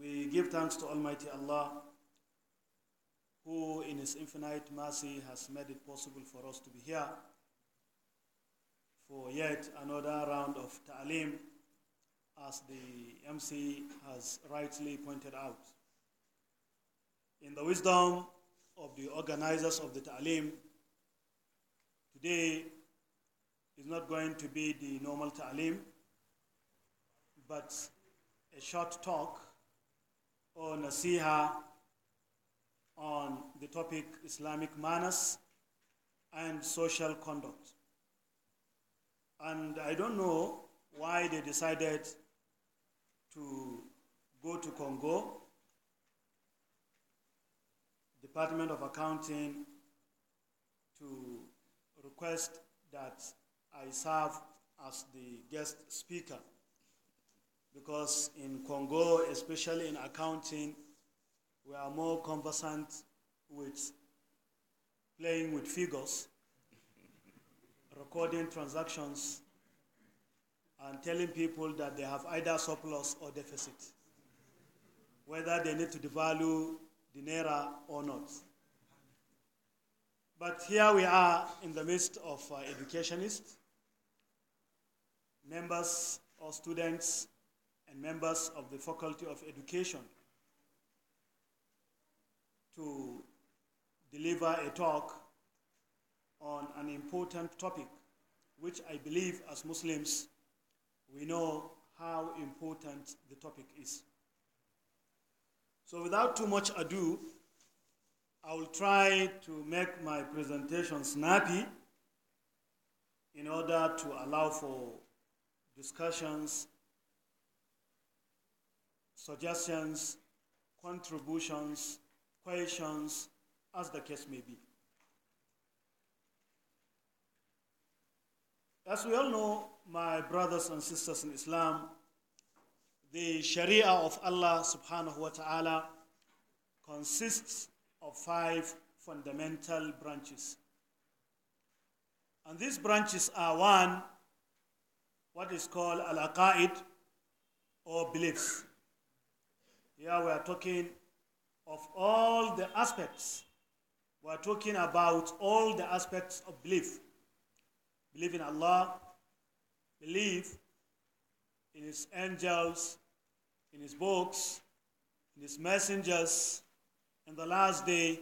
We give thanks to Almighty Allah who in his infinite mercy has made it possible for us to be here for yet another round of ta'lim, as the MC has rightly pointed out. In the wisdom of the organizers of the ta'lim, today is not going to be the normal ta'lim, but a short talk or nasiha on the topic Islamic manners and social conduct. And I don't know why they decided to go to Congo. Department of Accounting to request that I serve as the guest speaker because in Congo, especially in accounting, we are more conversant with playing with figures, recording transactions, and telling people that they have either surplus or deficit, whether they need to devalue the naira or not. But here we are in the midst of uh, educationists, members or students and members of the Faculty of Education to deliver a talk on an important topic, which I believe as Muslims we know how important the topic is. So, without too much ado, I will try to make my presentation snappy in order to allow for discussions suggestions, contributions, questions, as the case may be. As we all know, my brothers and sisters in Islam, the Sharia of Allah subhanahu wa ta'ala consists of five fundamental branches. And these branches are one, what is called al aqaid or beliefs. Here we are talking of all the aspects. We are talking about all the aspects of belief believe in Allah, believe in His angels, in His books, in His messengers, in the last day,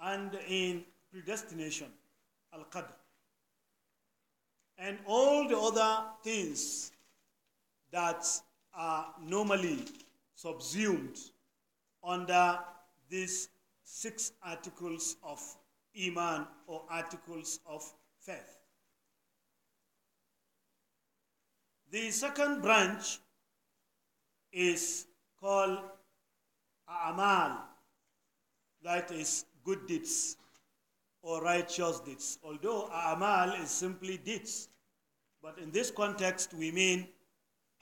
and in predestination, Al Qadr. And all the other things that are normally subsumed under these six articles of Iman or articles of faith. The second branch is called A'mal, that is good deeds or righteous deeds. Although A'mal is simply deeds, but in this context we mean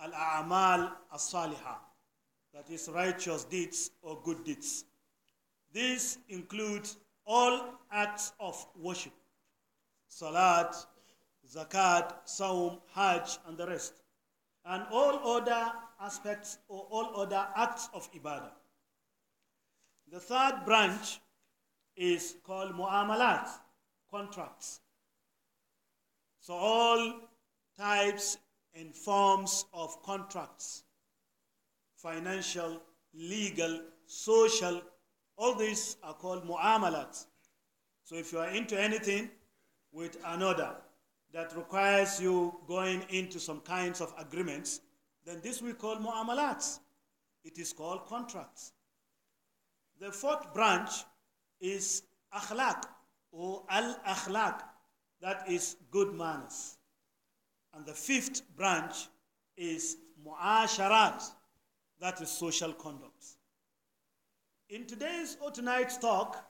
Al-A'mal As-Salihah that is, righteous deeds or good deeds. These include all acts of worship salat, zakat, saum, hajj, and the rest, and all other aspects or all other acts of ibadah. The third branch is called mu'amalat, contracts. So all types and forms of contracts financial, legal, social, all these are called mu'amalat. So if you are into anything with another that requires you going into some kinds of agreements, then this we call mu'amalat. It is called contracts. The fourth branch is akhlaq or al akhlaq, that is good manners. And the fifth branch is mu'asharat that is social conduct. In today's or tonight's talk,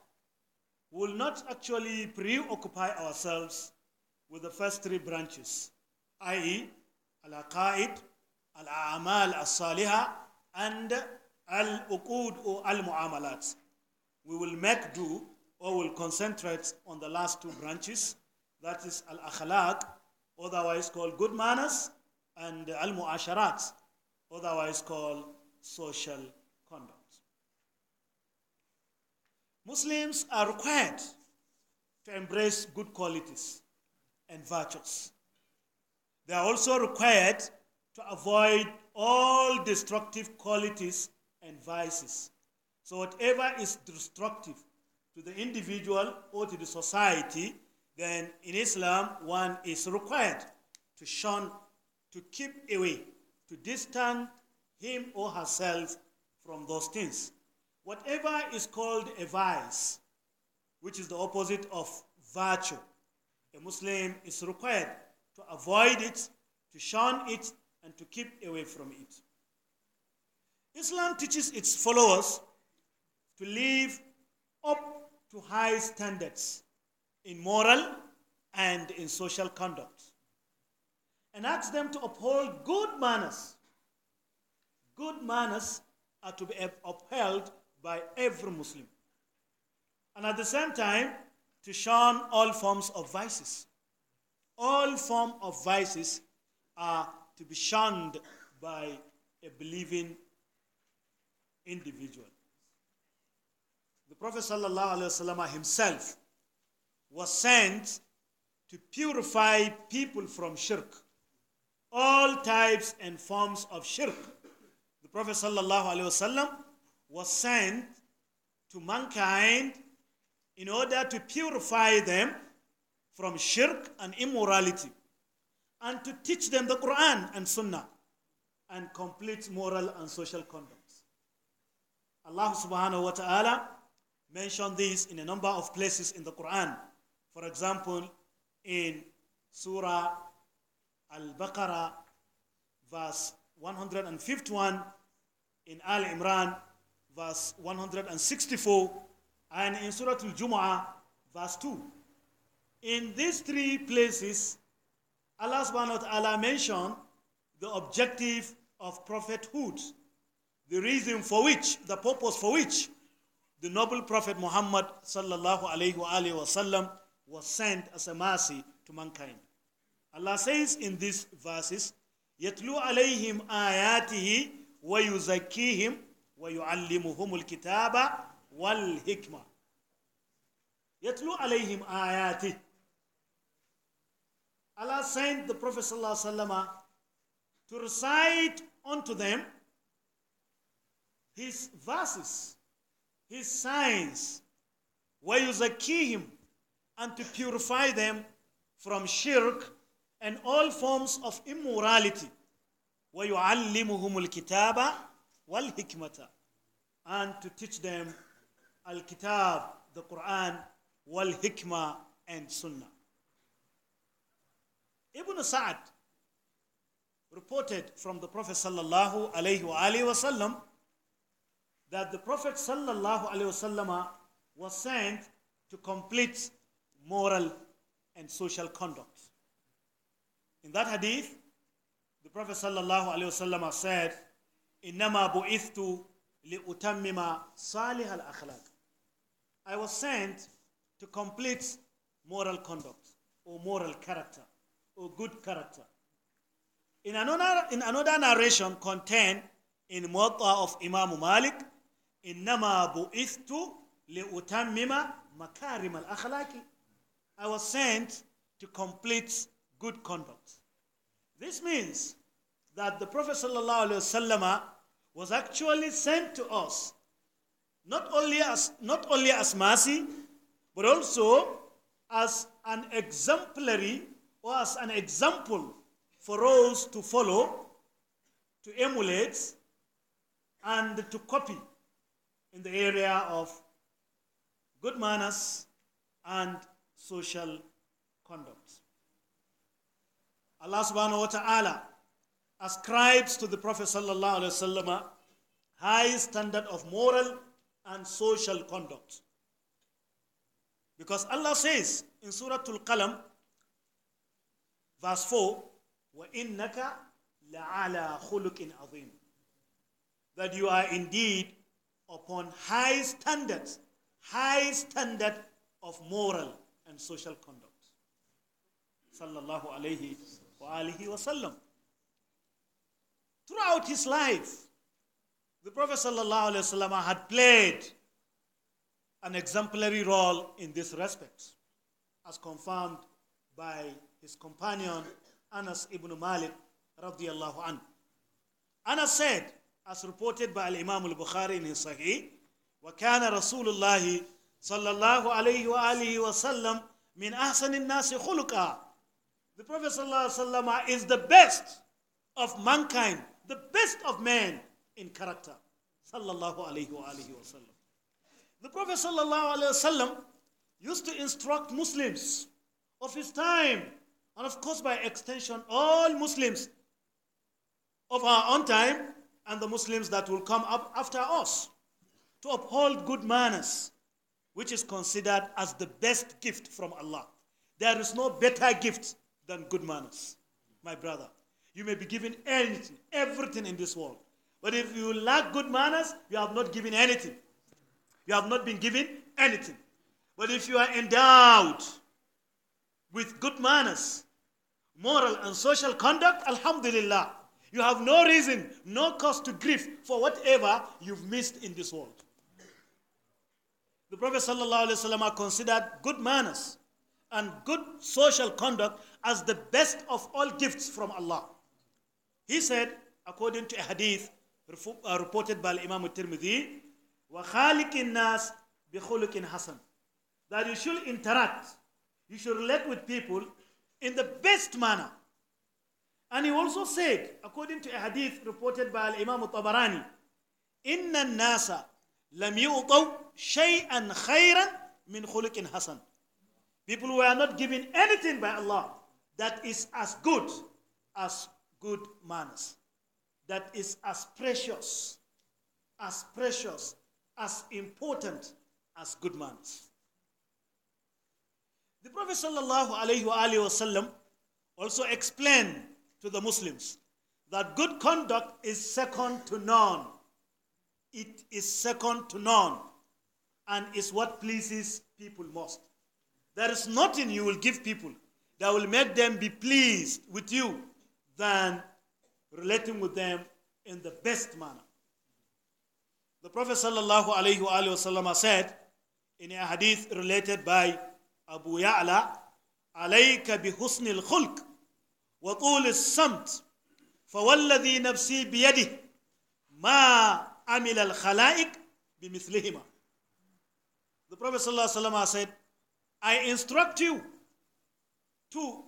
we will not actually preoccupy ourselves with the first three branches, i.e., al aqaid, al amal as saliha, and al uqud or al muamalat. We will make do or will concentrate on the last two branches, that is al akhlaq, otherwise called good manners, and al muasharat, otherwise called social conduct. Muslims are required to embrace good qualities and virtues. They are also required to avoid all destructive qualities and vices. So, whatever is destructive to the individual or to the society, then in Islam one is required to shun, to keep away, to distance him or herself from those things. Whatever is called a vice, which is the opposite of virtue, a Muslim is required to avoid it, to shun it, and to keep away from it. Islam teaches its followers to live up to high standards in moral and in social conduct and asks them to uphold good manners Good manners are to be upheld by every Muslim. And at the same time, to shun all forms of vices. All forms of vices are to be shunned by a believing individual. The Prophet ﷺ himself was sent to purify people from shirk, all types and forms of shirk. The Prophet wasallam was sent to mankind in order to purify them from shirk and immorality and to teach them the Quran and Sunnah and complete moral and social conduct. Allah subhanahu wa ta'ala mentioned this in a number of places in the Quran. For example, in Surah Al Baqarah, verse 151 in Al Imran, verse 164, and in Surah Al Jumu'ah, verse 2. In these three places, Allah subhanahu wa ta'ala mentioned the objective of prophethood, the reason for which, the purpose for which the noble prophet Muhammad sallallahu alayhi wa sallam was sent as a mercy to mankind. Allah says in these verses, يَتْلُو عَلَيْهِمْ آيَاتِهِ ويزكيهم ويعلمهم الكتاب والحكمة يتلو عليهم آياته Allah sent the Prophet ﷺ to recite unto them his verses, his signs, وَيُزَكِّيهِمْ and to purify them from shirk and all forms of immorality wa yu'allimuhumul kitaba and to teach them al-kitab the Quran wal hikmah and sunnah Ibn Saad reported from the Prophet sallallahu alaihi wasallam that the Prophet sallallahu alaihi wasallam was sent to complete moral and social conduct. In that hadith, the Prophet sallallahu alaihi wasallam said, "Innama bu'ithtu li'utammima salih al-akhlaq." I was sent to complete moral conduct or moral character or good character. In another, in another narration contained in Muwatta of Imam Malik, إنما بُئِثْتُ لِأُتَمِّمَ مَكَارِمَ الْأَخْلَاقِ I was sent to complete good conduct. This means that the Prophet ﷺ was actually sent to us not only as, not only as mercy, but also as an exemplary or as an example for us to follow, to emulate, and to copy in the area of good manners and social Allah subhanahu wa ta'ala ascribes to the Prophet sallallahu alaihi wasallam high standard of moral and social conduct. Because Allah says in Surah Al-Qalam, verse 4, وَإِنَّكَ لَعَلَى خُلُقٍ عَظِيمٍ That you are indeed upon high standards, high standard of moral and social conduct. Sallallahu alayhi Throughout his life, the Prophet wasallam had played an exemplary role in this respect, as confirmed by his companion Anas ibn Malik radiallahu anhu. Anas said, as reported by Imam al-Bukhari in his Sahih, وكان رسول الله صلى الله عليه وآله وسلم من أحسن الناس خلقا the Prophet ﷺ is the best of mankind, the best of men in character. Sallallahu alayhi wa alayhi wa The Prophet ﷺ used to instruct Muslims of his time, and of course, by extension, all Muslims of our own time and the Muslims that will come up after us to uphold good manners, which is considered as the best gift from Allah. There is no better gift than good manners, my brother. You may be given anything, everything in this world. But if you lack good manners, you have not given anything. You have not been given anything. But if you are endowed with good manners, moral and social conduct, alhamdulillah, you have no reason, no cause to grieve for whatever you've missed in this world. The Prophet wasallam considered good manners and good social conduct as the best of all gifts from Allah. He said, according to a hadith uh, reported by Imam Tirmidhi, وَخَالِكِ النَّاسِ بِخُلُقٍ hasan," That you should interact, you should relate with people in the best manner. And he also said, according to a hadith reported by Imam Tabarani, إِنَّ النَّاسَ لَمْ shay شَيْئًا خَيْرًا مِنْ خُلُقٍ حَسَنٍ People were not given anything by Allah that is as good as good manners, that is as precious, as precious, as important as good manners. The Prophet ﷺ also explained to the Muslims that good conduct is second to none. It is second to none and is what pleases people most. There is nothing you will give people that will make them be pleased with you than relating with them in the best manner. The Prophet sallallahu said in a hadith related by Abu Ya'la, عليك بحسن الخلق وطول الصمت فوالذي نفسي بيده ما عمل الخلائق بمثلهما The Prophet ﷺ said, I instruct you to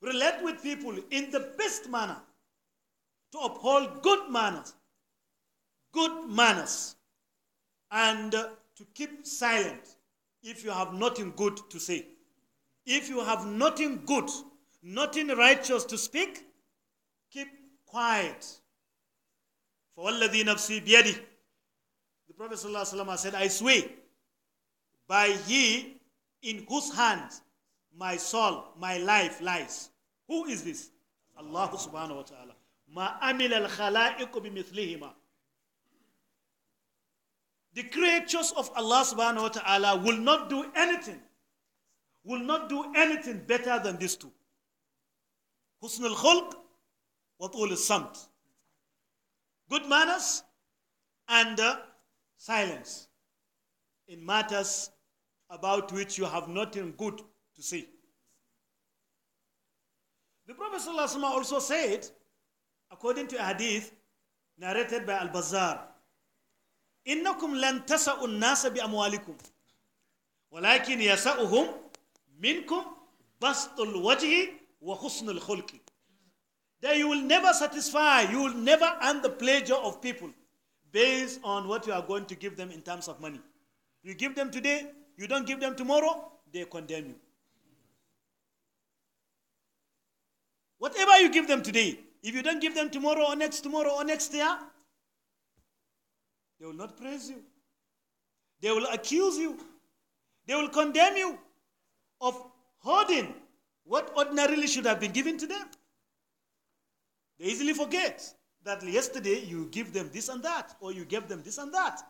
relate with people in the best manner, to uphold good manners, good manners, and uh, to keep silent if you have nothing good to say. If you have nothing good, nothing righteous to speak, keep quiet. For Allah نَفْسِي بِيَدِهِ The Prophet said, I swear by he in whose hands my soul, my life lies. Who is this? Allah subhanahu wa ta'ala. Ma amil al khalaiku bimithlihima. The creatures of Allah subhanahu wa ta'ala will not do anything, will not do anything better than these two. Husn al khulq wa tul samt. Good manners and uh, silence in matters about which you have nothing good to see. The Prophet ﷺ also said, according to a hadith narrated by Al Bazar, إنكم لن تسأوا الناس بأموالكم ولكن يسأهم منكم بسط الوجه وحسن الخلق that you will never satisfy, you will never earn the pleasure of people based on what you are going to give them in terms of money. You give them today, you don't give them tomorrow, they condemn you. Whatever you give them today, if you don't give them tomorrow or next tomorrow or next year, they will not praise you. They will accuse you. They will condemn you of hoarding what ordinarily should have been given to them. They easily forget that yesterday you give them this and that, or you gave them this and that.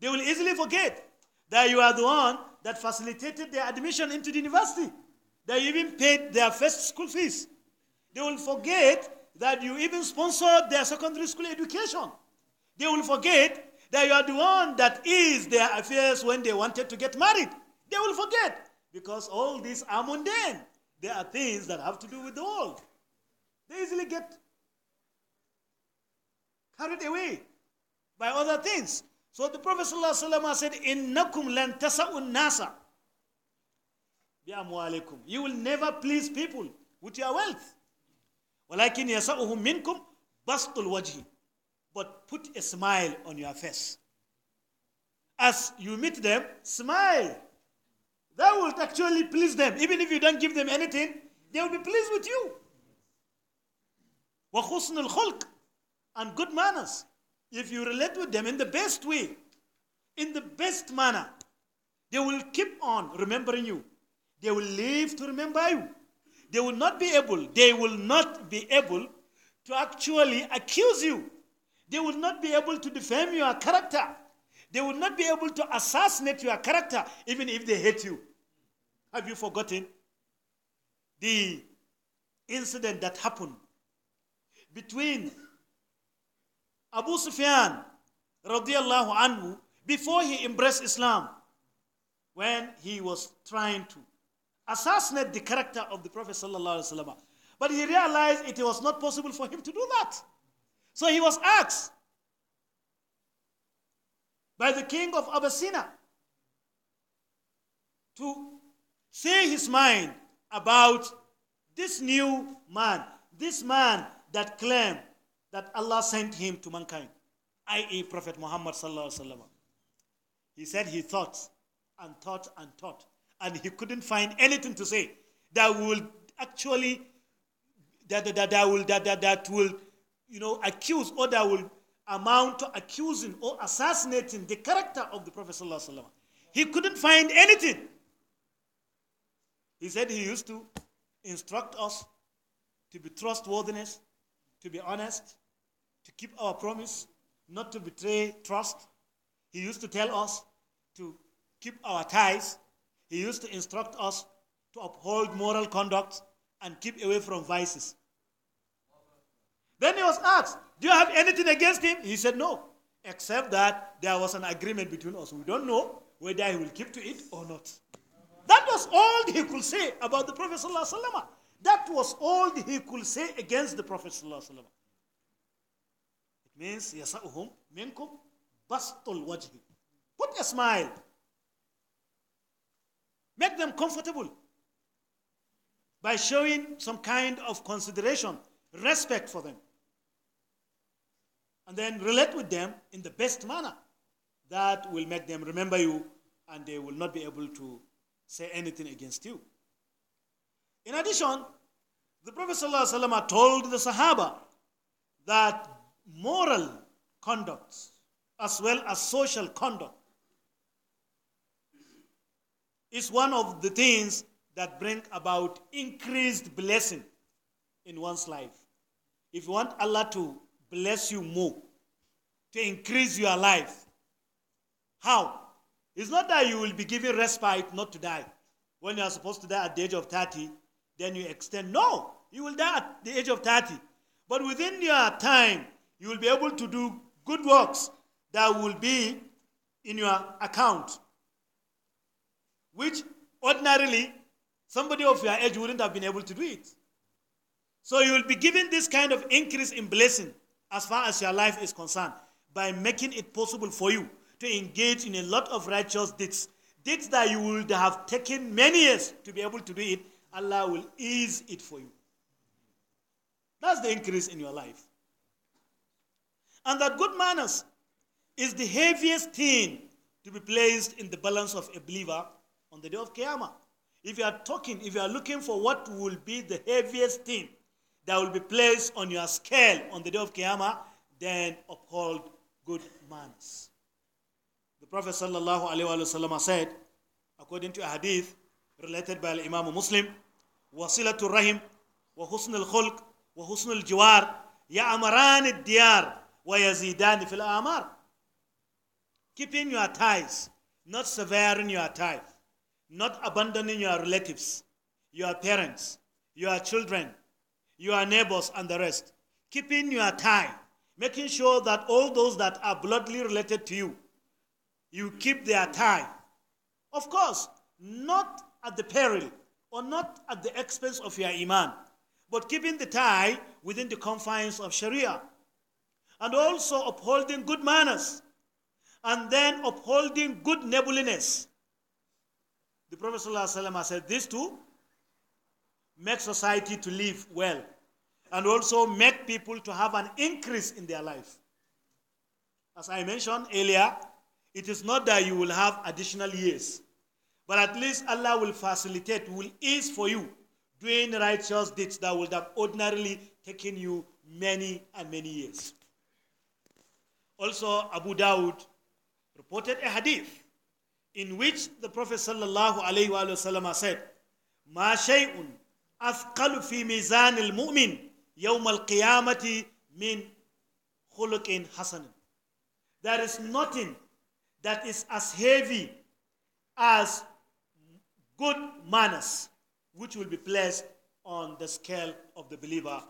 They will easily forget that you are the one that facilitated their admission into the university, that you even paid their first school fees. They will forget that you even sponsored their secondary school education. They will forget that you are the one that is their affairs when they wanted to get married. They will forget because all these are mundane. There are things that have to do with the world. They easily get carried away by other things. So the Prophet ﷺ said, Innakum lan tasa'un nasa. You will never please people with your wealth. Walakin yasa'uhum minkum bastul wajhi. But put a smile on your face. As you meet them, smile. That will actually please them. Even if you don't give them anything, they will be pleased with you. وَخُسْنُ الْخُلْقِ And good manners. If you relate with them in the best way, in the best manner, they will keep on remembering you. They will live to remember you they will not be able, they will not be able to actually accuse you. They will not be able to defame your character. They will not be able to assassinate your character, even if they hate you. Have you forgotten the incident that happened between Abu Sufyan radiallahu anhu before he embraced Islam when he was trying to assassinate the character of the Prophet. But he realized it was not possible for him to do that. So he was asked by the king of Abyssinia to say his mind about this new man, this man that claimed that Allah sent him to mankind, i.e., Prophet Muhammad. He said he thought and thought and thought and he couldn't find anything to say that will actually that, that, that, that will that, that, that will you know accuse or that will amount to accusing or assassinating the character of the Prophet. He couldn't find anything. He said he used to instruct us to be trustworthiness, to be honest, to keep our promise, not to betray trust. He used to tell us to keep our ties, he used to instruct us to uphold moral conduct and keep away from vices. Then he was asked, Do you have anything against him? He said, No, except that there was an agreement between us. We don't know whether he will keep to it or not. That was all he could say about the Prophet. ﷺ. That was all he could say against the Prophet. ﷺ. It means, يَسَأُهُمْ مِنْكُمْ بَسْطُ wajhi. Put a smile Make them comfortable by showing some kind of consideration, respect for them. And then relate with them in the best manner. That will make them remember you and they will not be able to say anything against you. In addition, the Prophet ﷺ told the Sahaba that moral conduct as well as social conduct it's one of the things that bring about increased blessing in one's life. If you want Allah to bless you more, to increase your life, how? It's not that you will be given respite not to die. When you are supposed to die at the age of 30, then you extend. No, you will die at the age of 30. But within your time, you will be able to do good works that will be in your account which ordinarily somebody of your age wouldn't have been able to do it. So you will be given this kind of increase in blessing as far as your life is concerned by making it possible for you to engage in a lot of righteous deeds. Deeds that you would have taken many years to be able to do it, Allah will ease it for you. That's the increase in your life. And that good manners is the heaviest thing to be placed in the balance of a believer on the day of Qiyamah. If you are talking, if you are looking for what will be the heaviest thing that will be placed on your scale on the day of Qiyamah, then uphold good manners. The Prophet ﷺ said, according to a hadith related by Imam Muslim, وصلة الرحم وحسن الخلق وحسن الجوار يأمران الديار ويزيدان في الأمر. Keeping your ties, not severing your ties not abandoning your relatives, your parents, your children, your neighbors, and the rest. Keeping your tie, making sure that all those that are bloodly related to you, you keep their tie. Of course, not at the peril or not at the expense of your iman, but keeping the tie within the confines of Sharia and also upholding good manners and then upholding good neighborliness the Prophet ﷺ said this to make society to live well and also make people to have an increase in their life. As I mentioned earlier, it is not that you will have additional years, but at least Allah will facilitate, will ease for you doing righteous deeds that would have ordinarily taken you many and many years. Also, Abu Dawud reported a hadith in which the Prophet sallallahu alaihi wasallam said, "Ma shay'un afqalu fi mizan al-mu'min yawm al-qiyamati min khuluqin hasan." There is nothing that is as heavy as good manners, which will be placed on the scale of the believer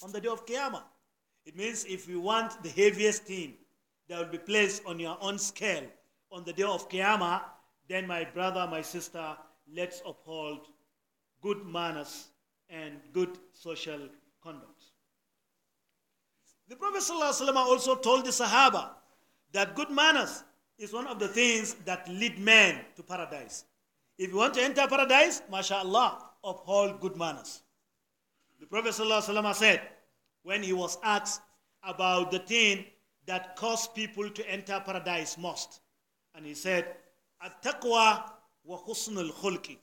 on the day of Qiyamah. It means if you want the heaviest thing that will be placed on your own scale on the day of Qiyamah, then my brother, my sister, let's uphold good manners and good social conduct. The Prophet ﷺ also told the Sahaba that good manners is one of the things that lead men to paradise. If you want to enter paradise, mashallah, uphold good manners. The Prophet ﷺ said, when he was asked about the thing that caused people to enter paradise most, and he said, At-taqwa wa husnul khulki.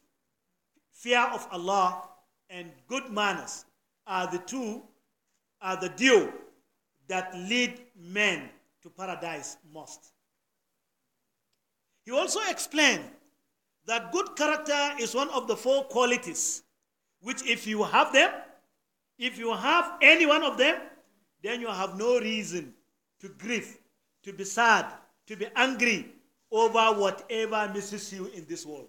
Fear of Allah and good manners are the two, are the dew that lead men to paradise most. He also explained that good character is one of the four qualities, which if you have them, if you have any one of them, then you have no reason to grieve, to be sad, to be angry, over whatever misses you in this world.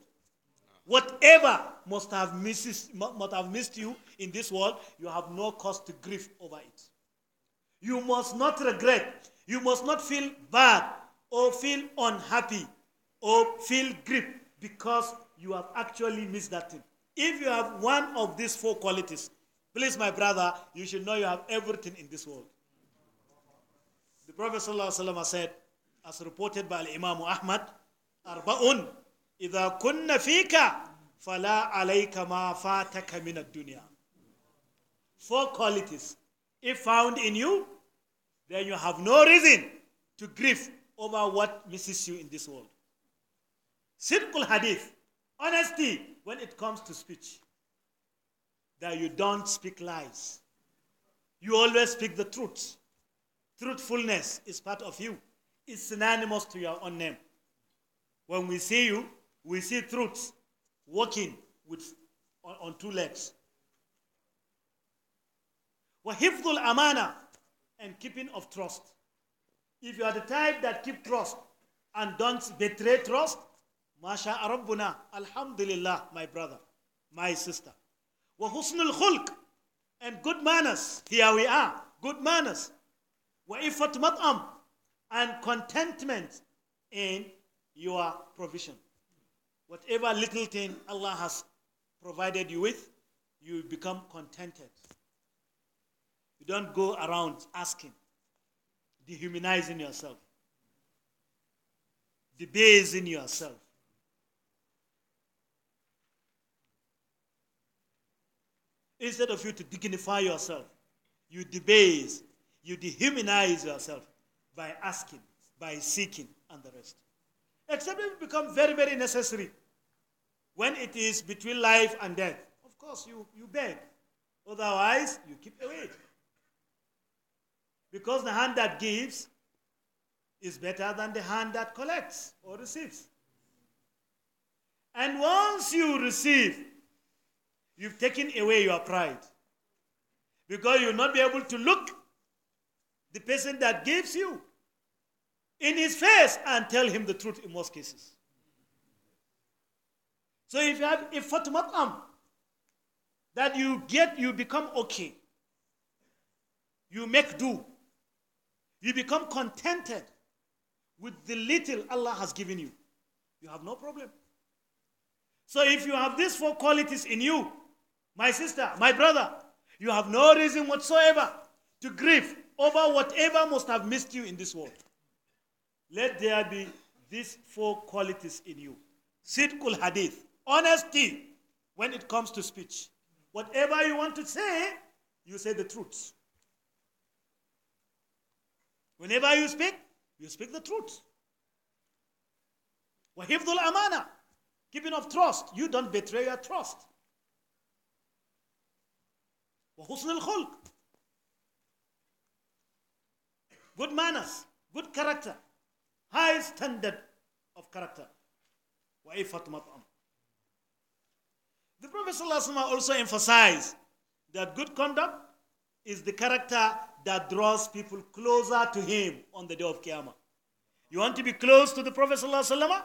Whatever must have, misses, must have missed you in this world, you have no cause to grieve over it. You must not regret. You must not feel bad or feel unhappy or feel grief because you have actually missed that thing. If you have one of these four qualities, please, my brother, you should know you have everything in this world. The Prophet ﷺ said, as reported by Imam Ahmad, Arba'un, إذا كن فيك فلا عليك ما فاتك من الدنيا. Four qualities. If found in you, then you have no reason to grieve over what misses you in this world. Sidqul hadith, honesty when it comes to speech, that you don't speak lies. You always speak the truth. Truthfulness is part of you is synonymous to your own name. When we see you, we see truth walking with, on, on two legs. Wahifdul amana and keeping of trust. If you are the type that keep trust and don't betray trust, Masha Alhamdulillah, my brother, my sister. Wa husnul khulq and good manners. Here we are, good manners. Wa ifat mat'am and contentment in your provision. Whatever little thing Allah has provided you with, you become contented. You don't go around asking, dehumanizing yourself, debasing yourself. Instead of you to dignify yourself, you debase, you dehumanize yourself by asking, by seeking, and the rest. Except it become very, very necessary when it is between life and death. Of course, you, you beg. Otherwise, you keep away. Because the hand that gives is better than the hand that collects or receives. And once you receive, you've taken away your pride. Because you'll not be able to look the person that gives you in his face and tell him the truth in most cases. So if you have a fatmatam that you get, you become okay. You make do. You become contented with the little Allah has given you. You have no problem. So if you have these four qualities in you, my sister, my brother, you have no reason whatsoever to grieve over whatever must have missed you in this world. Let there be these four qualities in you. Sidkul hadith, honesty when it comes to speech. Whatever you want to say, you say the truth. Whenever you speak, you speak the truth. hifdul amana, keeping of trust. You don't betray your trust. Wahusnul khulq, good manners, good character, high standard of character. The Prophet ﷺ also emphasized that good conduct is the character that draws people closer to him on the day of Qiyamah. You want to be close to the Prophet ﷺ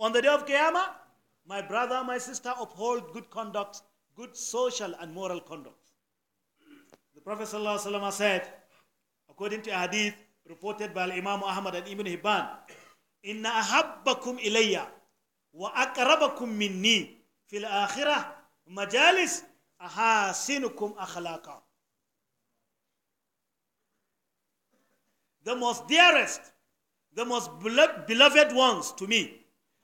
on the day of Qiyamah? My brother, my sister, uphold good conduct, good social and moral conduct. The Prophet ﷺ said, according to a hadith, reported by Imam Ahmad and Ibn Hibban inna ahabbakum ilayya wa aqrabakum minni fil akhirah majalis ahasinukum akhlaqa the most dearest the most beloved ones to me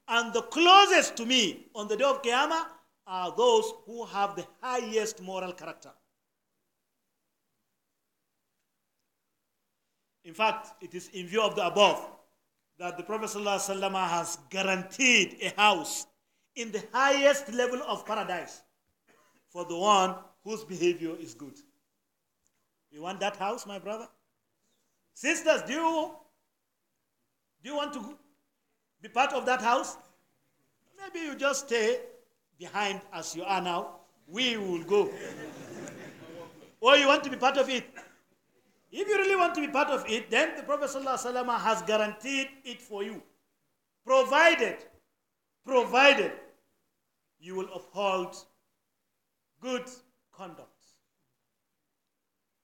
and the closest to me on the day of qiyamah are those who have the highest moral character In fact, it is in view of the above that the Prophet ﷺ has guaranteed a house in the highest level of paradise for the one whose behavior is good. You want that house, my brother? Sisters, do you, do you want to be part of that house? Maybe you just stay behind as you are now. We will go. or you want to be part of it? If you really want to be part of it, then the Prophet ﷺ has guaranteed it for you. Provided, provided you will uphold good conduct.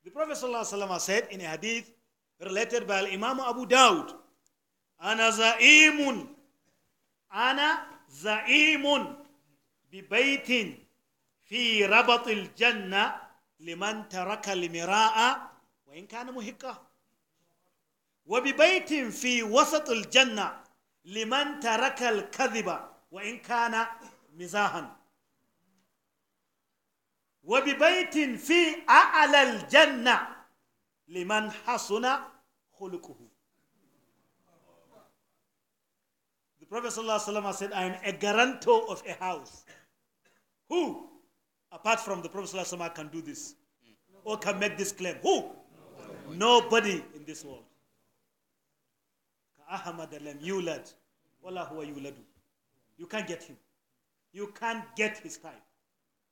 The Prophet ﷺ said in a hadith related by Imam Abu Dawud, أنا زعيم أنا زعيم ببيت fi rabatil jannah لمن ترك المراء وإن كان محقا وببيت في وسط الجنة لمن ترك الكذب وإن كان مزاحا وببيت في أعلى الجنة لمن حسن خلقه The Prophet said, I am a guarantor of a house. Who, apart from the Prophet can do this? Or can make this claim? Who? Nobody in this world. Ahmad Yulad. Wala yuladu. You can't get him. You can't get his type.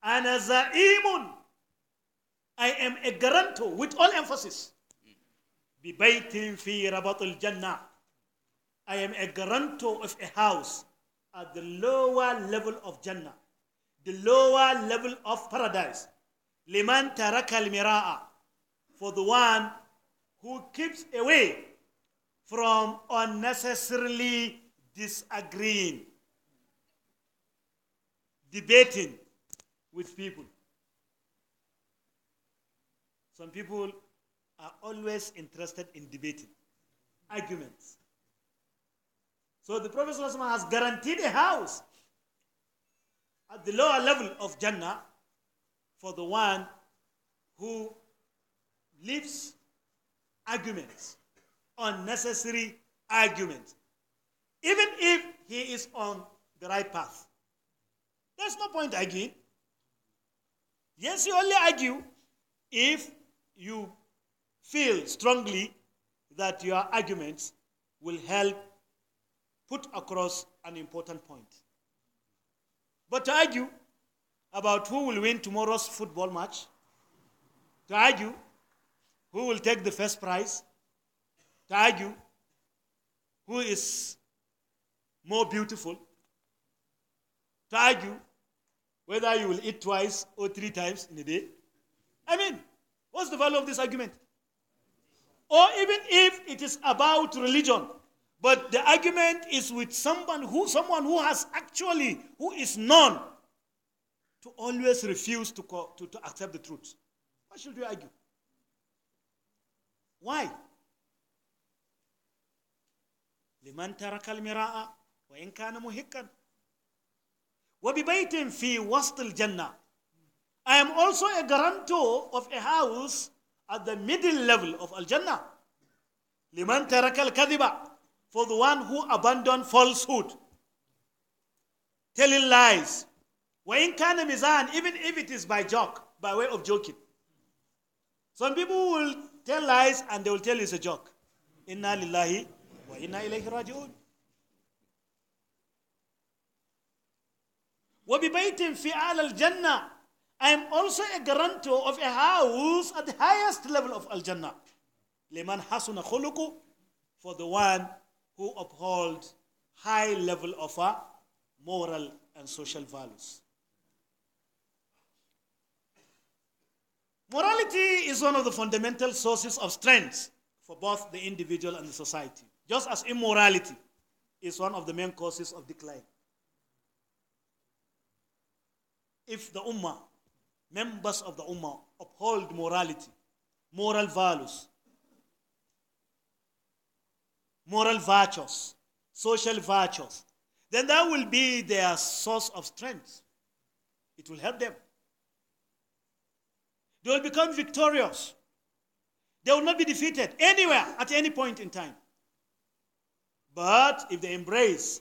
Anazaimun. I am a guarantor with all emphasis. baitin fi rabatul jannah. I am a guarantor of a house at the lower level of Jannah, the lower level of paradise. Liman mira'a. For the one who keeps away from unnecessarily disagreeing, debating with people. Some people are always interested in debating, arguments. So the Prophet has guaranteed a house at the lower level of Jannah for the one who lives arguments, unnecessary arguments, even if he is on the right path. There's no point arguing. Yes, you only argue if you feel strongly that your arguments will help put across an important point. But to argue about who will win tomorrow's football match, to argue who will take the first prize? To argue who is more beautiful. To argue whether you will eat twice or three times in a day. I mean, what's the value of this argument? Or even if it is about religion, but the argument is with someone who someone who has actually who is known to always refuse to, to, to accept the truth. Why should you argue? Why? لمن ترك المراء وإن كان مهكا وببيت في وسط الجنة I am also a guarantor of a house at the middle level of Al-Jannah. لمن ترك الكذبة For the one who abandoned falsehood. Telling lies. وإن كان مزان Even if it is by joke, by way of joking. Some people will Tell lies and they will tell you it's a joke. Inna lillahi wa inna ilayhi raji'un. وَبِبَيْتٍ فِي أَعْلَى Jannah. I am also a guarantor of a house at the highest level of Al-Jannah. لِمَنْ حَسُنَ خُلُقُ For the one who upholds high level of moral and social values. Morality is one of the fundamental sources of strength for both the individual and the society, just as immorality is one of the main causes of decline. If the Ummah, members of the Ummah, uphold morality, moral values, moral virtues, social virtues, then that will be their source of strength. It will help them. They will become victorious. They will not be defeated anywhere at any point in time. But if they embrace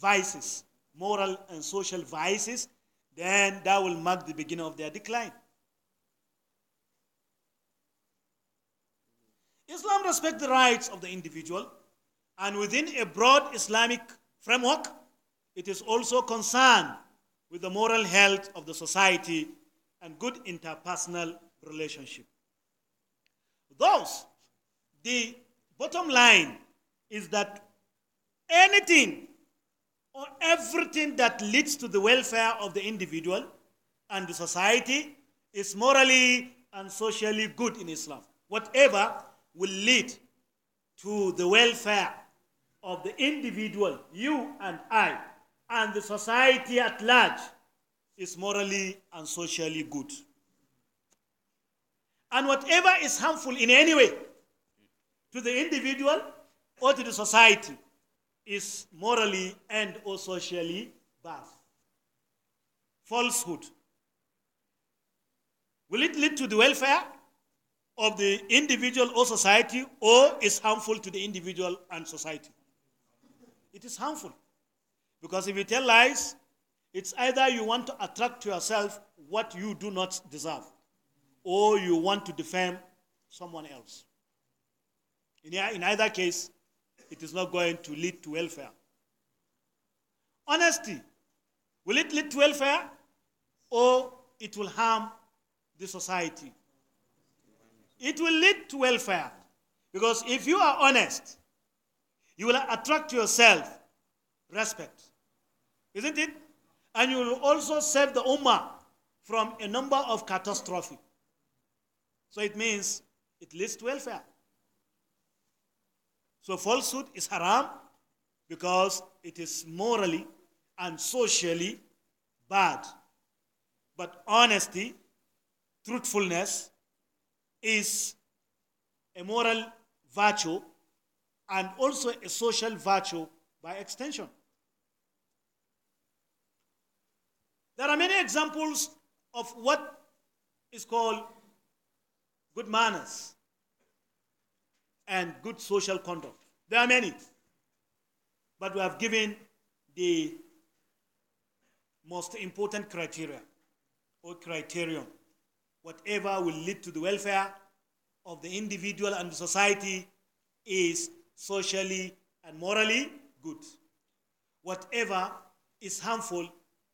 vices, moral and social vices, then that will mark the beginning of their decline. Islam respects the rights of the individual, and within a broad Islamic framework, it is also concerned with the moral health of the society and good interpersonal relationship. Thus, the bottom line is that anything or everything that leads to the welfare of the individual and the society is morally and socially good in Islam. Whatever will lead to the welfare of the individual, you and I, and the society at large is morally and socially good. And whatever is harmful in any way to the individual or to the society is morally and or socially bad. Falsehood. Will it lead to the welfare of the individual or society or is harmful to the individual and society? It is harmful. Because if you tell lies, it's either you want to attract to yourself what you do not deserve, or you want to defame someone else. In, in either case, it is not going to lead to welfare. Honesty, will it lead to welfare or it will harm the society? It will lead to welfare because if you are honest, you will attract to yourself respect. Isn't it? and you will also save the Ummah from a number of catastrophes. So it means it leads to welfare. So falsehood is haram because it is morally and socially bad. But honesty, truthfulness is a moral virtue and also a social virtue by extension. There are many examples of what is called good manners and good social conduct. There are many. But we have given the most important criteria or criterion, whatever will lead to the welfare of the individual and the society is socially and morally good. Whatever is harmful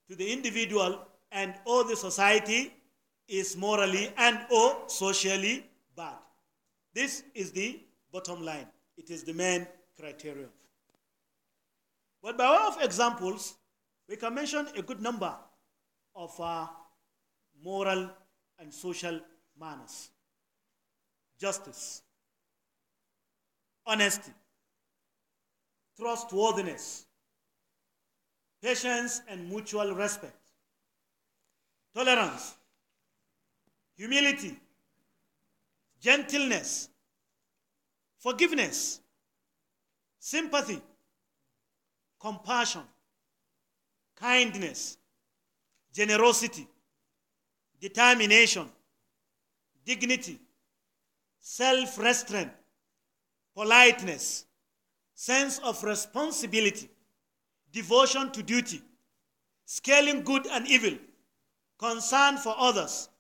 to the individual and all the society is morally and or socially bad. This is the bottom line. It is the main criterion. But by way of examples, we can mention a good number of uh, moral and social manners justice, honesty, trustworthiness, patience and mutual respect, tolerance, humility, gentleness, forgiveness, sympathy, compassion, kindness, generosity, determination, dignity, self restraint, politeness, sense of responsibility, devotion to duty, scaling good and evil, concern for others,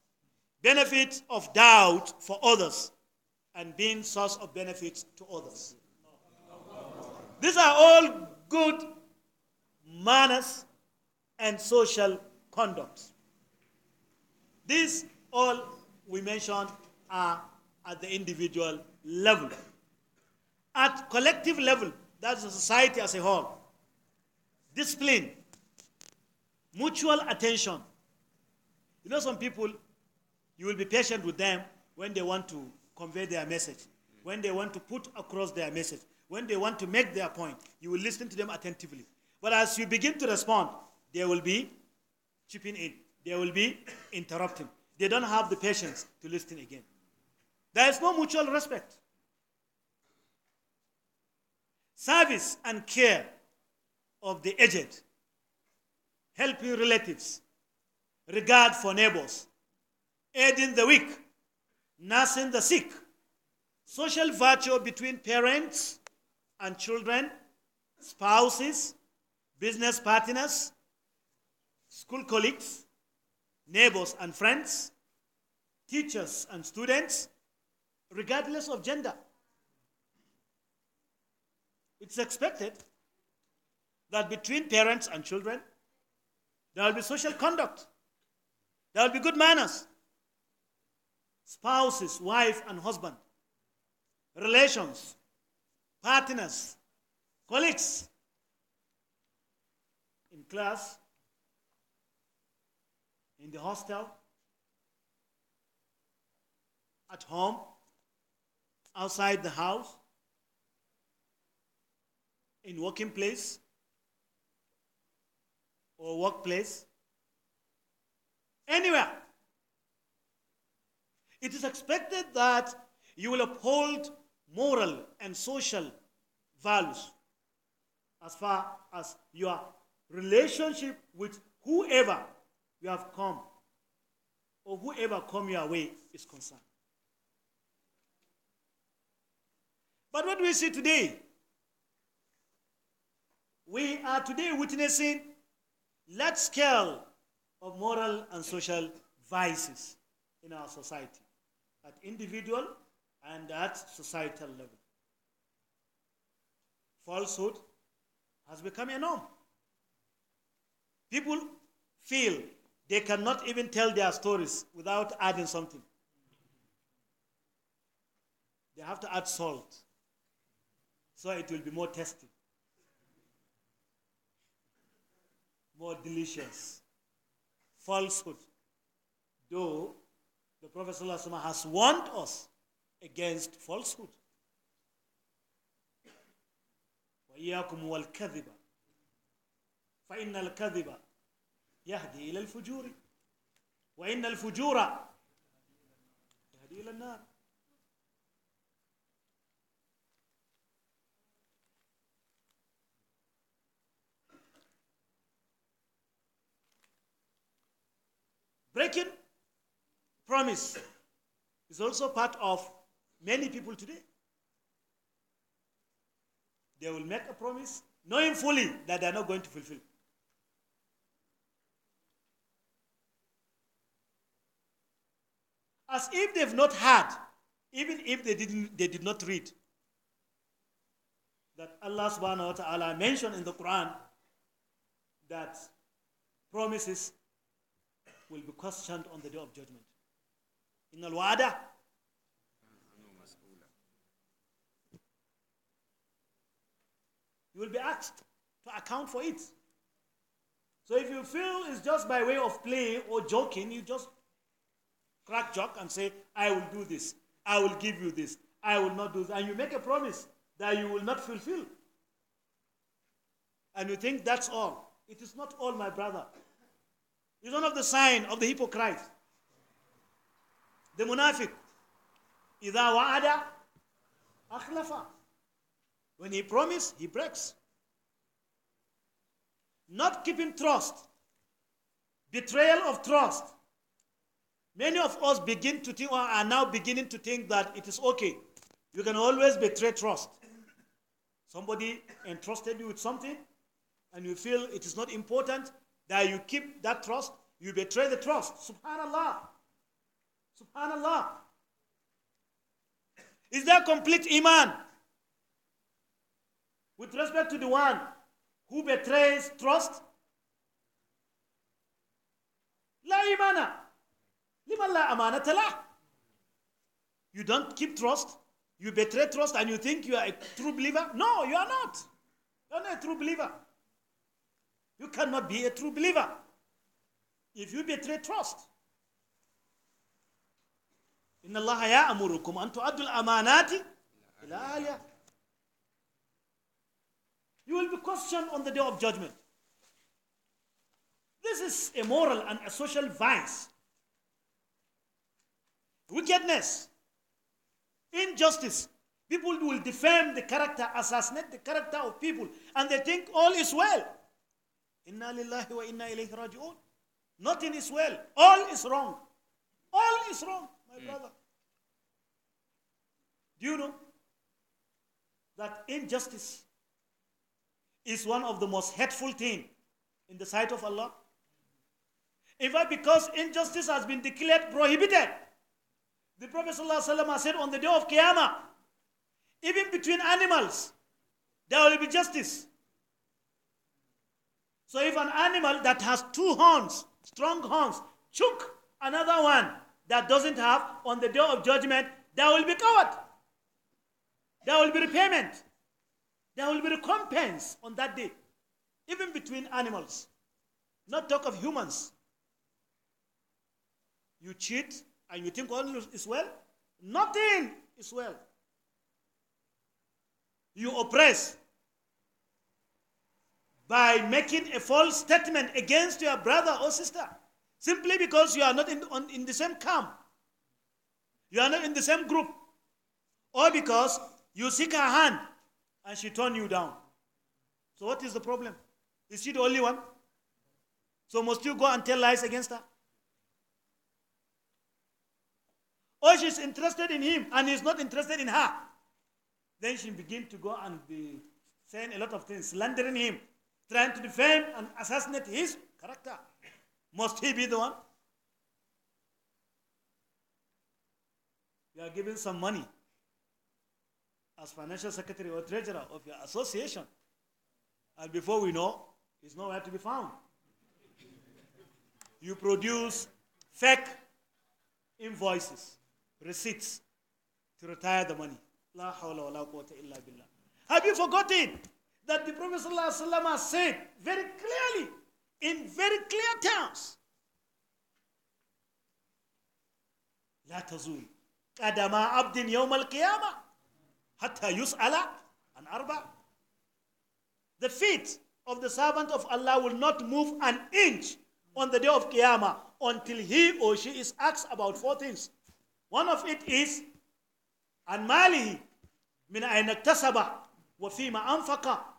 benefit of doubt for others, and being source of benefit to others. These are all good manners and social conducts. These all we mentioned are at the individual level. At collective level, that's the society as a whole discipline, mutual attention. You know, some people, you will be patient with them when they want to convey their message, when they want to put across their message, when they want to make their point. You will listen to them attentively. But as you begin to respond, they will be chipping in, they will be interrupting. They don't have the patience to listen again. There is no mutual respect. Service and care of the aged. Help your relatives. Regard for neighbors. Aiding the weak. Nursing the sick. Social virtue between parents and children, spouses, business partners, school colleagues, neighbors and friends, teachers and students, regardless of gender. It's expected that between parents and children, there will be social conduct, there will be good manners. Spouses, wife and husband, relations, partners, colleagues. In class, in the hostel, at home, outside the house, in working place, or workplace, anywhere. It is expected that you will uphold moral and social values as far as your relationship with whoever you have come or whoever come your way is concerned. But what do we see today? We are today witnessing large scale of moral and social vices in our society at individual and at societal level. Falsehood has become a norm. People feel they cannot even tell their stories without adding something. They have to add salt so it will be more tasty. more delicious. Falsehood. Though the Prophet has warned us against falsehood. وإياكم والكذب فإن الكذب يهدي إلى الفجور وإن الفجور يهدي إلى النار Breaking promise is also part of many people today. They will make a promise knowing fully that they are not going to fulfill. As if they've not heard, even if they didn't they did not read. That Allah subhanahu wa ta'ala mentioned in the Quran that promises will be questioned on the day of judgment. In al wada you will be asked to account for it. So if you feel it's just by way of play or joking, you just crack joke and say, I will do this, I will give you this, I will not do this. And you make a promise that you will not fulfill. And you think that's all. It is not all, my brother is one of the sign of the hypocrite. The munafiq. إِذَا وَعَدَ akhlafa. When he promises, he breaks. Not keeping trust. Betrayal of trust. Many of us begin to think, or are now beginning to think that it is okay. You can always betray trust. Somebody entrusted you with something, and you feel it is not important, that you keep that trust, you betray the trust. Subhanallah. Subhanallah. Is there complete iman with respect to the one who betrays trust? La imana. Lima la amanata la. You don't keep trust. You betray trust and you think you are a true believer? No, you are not. You're not a true believer. You cannot be a true believer if you betray trust. إن الله يأمركم أن تؤدوا الأمانات إلى أهلها. You will be questioned on the day of judgment. This is a moral and a social vice. Wickedness, injustice. People will defame the character, assassinate the character of people, and they think all is well. Inna lillahi wa inna ilayhi raji'un. Nothing is well. All is wrong. All is wrong, my mm. brother. Do you know that injustice is one of the most hateful things in the sight of Allah? In fact, because injustice has been declared prohibited, the Prophet ﷺ said on the day of Qiyamah, even between animals, there will be justice. So if an animal that has two horns, strong horns, chook another one that doesn't have on the day of judgment, there will be covered. There will be repayment. There will be recompense on that day, even between animals. Not talk of humans. You cheat and you think all is well? Nothing is well. You oppress by making a false statement against your brother or sister simply because you are not in, on, in the same camp, you are not in the same group, or because you seek her hand and she turned you down. So, what is the problem? Is she the only one? So, must you go and tell lies against her? Or she's interested in him and he's not interested in her. Then she begin to go and be saying a lot of things, slandering him, trying to defame and assassinate his character. Must he be the one? You are giving some money as financial secretary or treasurer of your association, and before we know, he's nowhere to be found. you produce fake invoices, receipts to retire the money. La hawla wa la quwwata illa billah. Have you forgotten? that the Prophet ﷺ has said very clearly, in very clear terms. لا تزول قدم عبد يوم القيامة حتى يسأل عن أربع The feet of the servant of Allah will not move an inch on the day of Qiyamah until he or she is asked about four things. One of it is عن ماله من أين اكتسب وفيما أنفق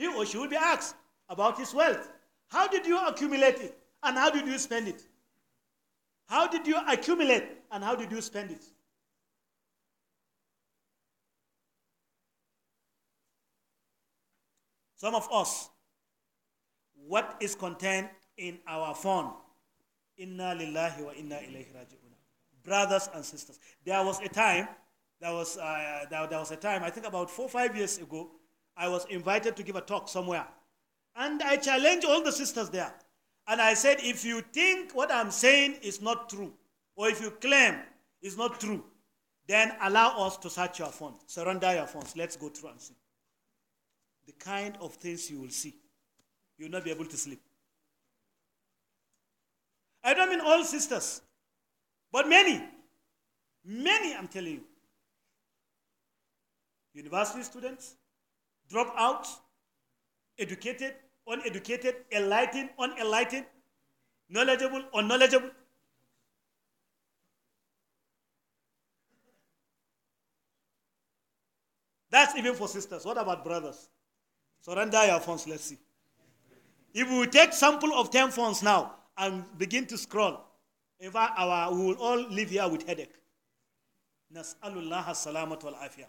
he or she will be asked about his wealth. How did you accumulate it? And how did you spend it? How did you accumulate and how did you spend it? Some of us, what is contained in our phone? Inna lillahi wa inna ilayhi raji'un. Brothers and sisters, there was a time, there was, uh, there, there was a time, I think about four, five years ago, I was invited to give a talk somewhere. And I challenged all the sisters there. And I said, if you think what I'm saying is not true, or if you claim it's not true, then allow us to search your phones, surrender your phones. Let's go through and see. The kind of things you will see, you'll not be able to sleep. I don't mean all sisters, but many, many, I'm telling you. University students, dropouts, educated, uneducated, enlightened, unenlightened, knowledgeable, unknowledgeable. That's even for sisters. What about brothers? Surrender your phones, let's see. If we take sample of 10 phones now and begin to scroll, if our, we will all live here with headache. Nas'alullah salamat wal afiyah.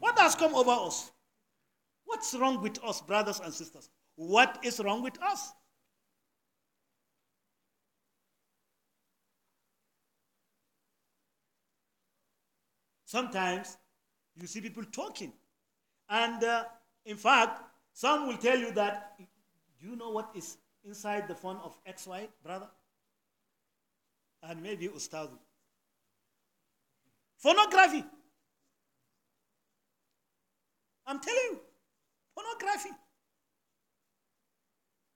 What has come over us? What's wrong with us, brothers and sisters? What is wrong with us? Sometimes you see people talking. And uh, in fact, some will tell you that, do you know what is inside the phone of XY, brother? And maybe Ustadu. Phonography. I'm telling you pornography.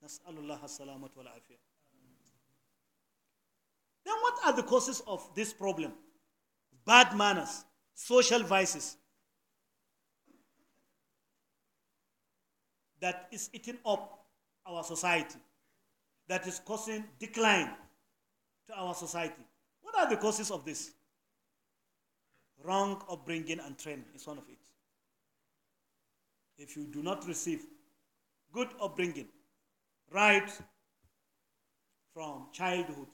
Nas'alullah salamat wal Then what are the causes of this problem? Bad manners, social vices that is eating up our society, that is causing decline to our society. What are the causes of this? Wrong upbringing and training is one of it if you do not receive good upbringing right from childhood,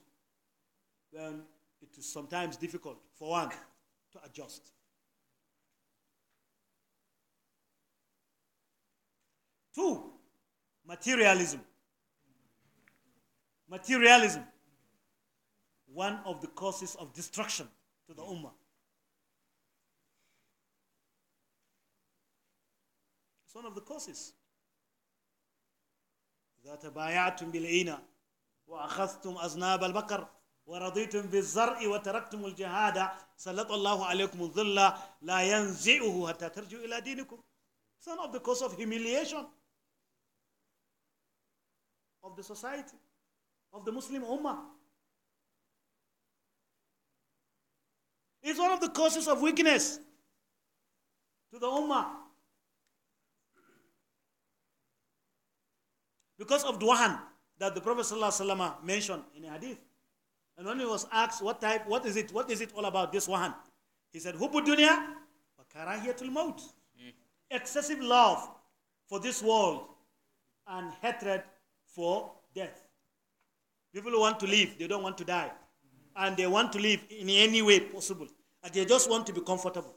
then it is sometimes difficult for one to adjust. Two, materialism. Materialism, one of the causes of destruction to the Ummah. one of the causes. إذا تبايعتم بالعينة وأخذتم أذناب البقر ورضيتم بالزرع وتركتم الجهاد سلط الله عليكم الظل لا ينزعه حتى ترجعوا إلى دينكم. It's one of the cause of humiliation of the society, of the Muslim Ummah. It's one of the causes of weakness to the Ummah. because of duhan that the Prophet ﷺ mentioned in a hadith. And when he was asked, what type, what is it, what is it all about this one, He said, Hubu dunya wa karahiyatul maut. Hmm. Excessive love for this world and hatred for death. People who want to live, they don't want to die. And they want to live in any way possible. And they just want to be comfortable.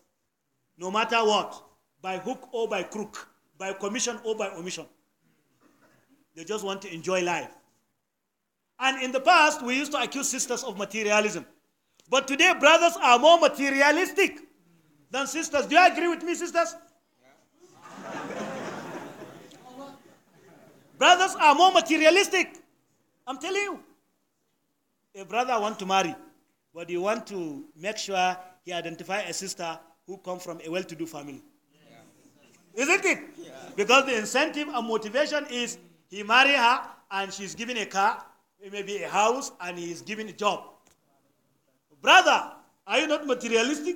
No matter what, by hook or by crook, by commission or by omission. They just want to enjoy life. And in the past, we used to accuse sisters of materialism. But today, brothers are more materialistic than sisters. Do you agree with me, sisters? Yeah. brothers are more materialistic. I'm telling you. A brother want to marry, but he want to make sure he identify a sister who come from a well-to-do family. Yeah. Isn't it? Yeah. Because the incentive and motivation is he marry her and she's given a car, maybe a house, and he is given a job. Brother, are you not materialistic?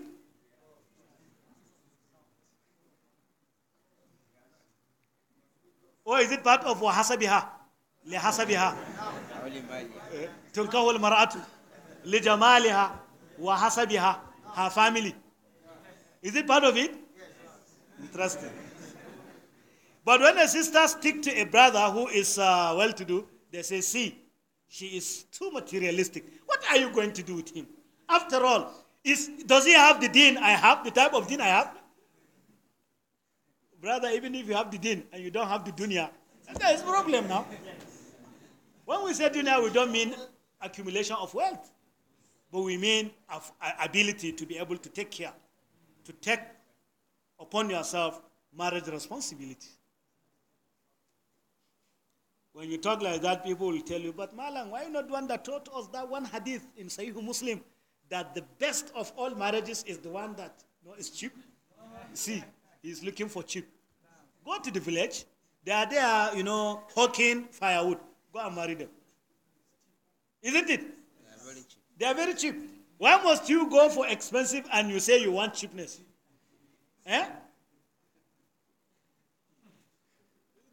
Or is it part of وحسبها لحسبها تنكه المرأة wahasa biha, her family is it part of it interesting but when a sister sticks to a brother who is uh, well to do, they say, see, she is too materialistic. What are you going to do with him? After all, is, does he have the deen I have, the type of deen I have? Brother, even if you have the deen and you don't have the dunya, a problem now. When we say dunya, we don't mean accumulation of wealth, but we mean of uh, ability to be able to take care, to take upon yourself marriage responsibility. When you talk like that, people will tell you, but Malang, why not one that taught us that one hadith in Sahih Muslim that the best of all marriages is the one that you know, is cheap? See, he's looking for cheap. Go to the village. They are there, you know, hawking firewood. Go and marry them. Isn't it? They are very cheap. They are very cheap. Why must you go for expensive and you say you want cheapness? Eh?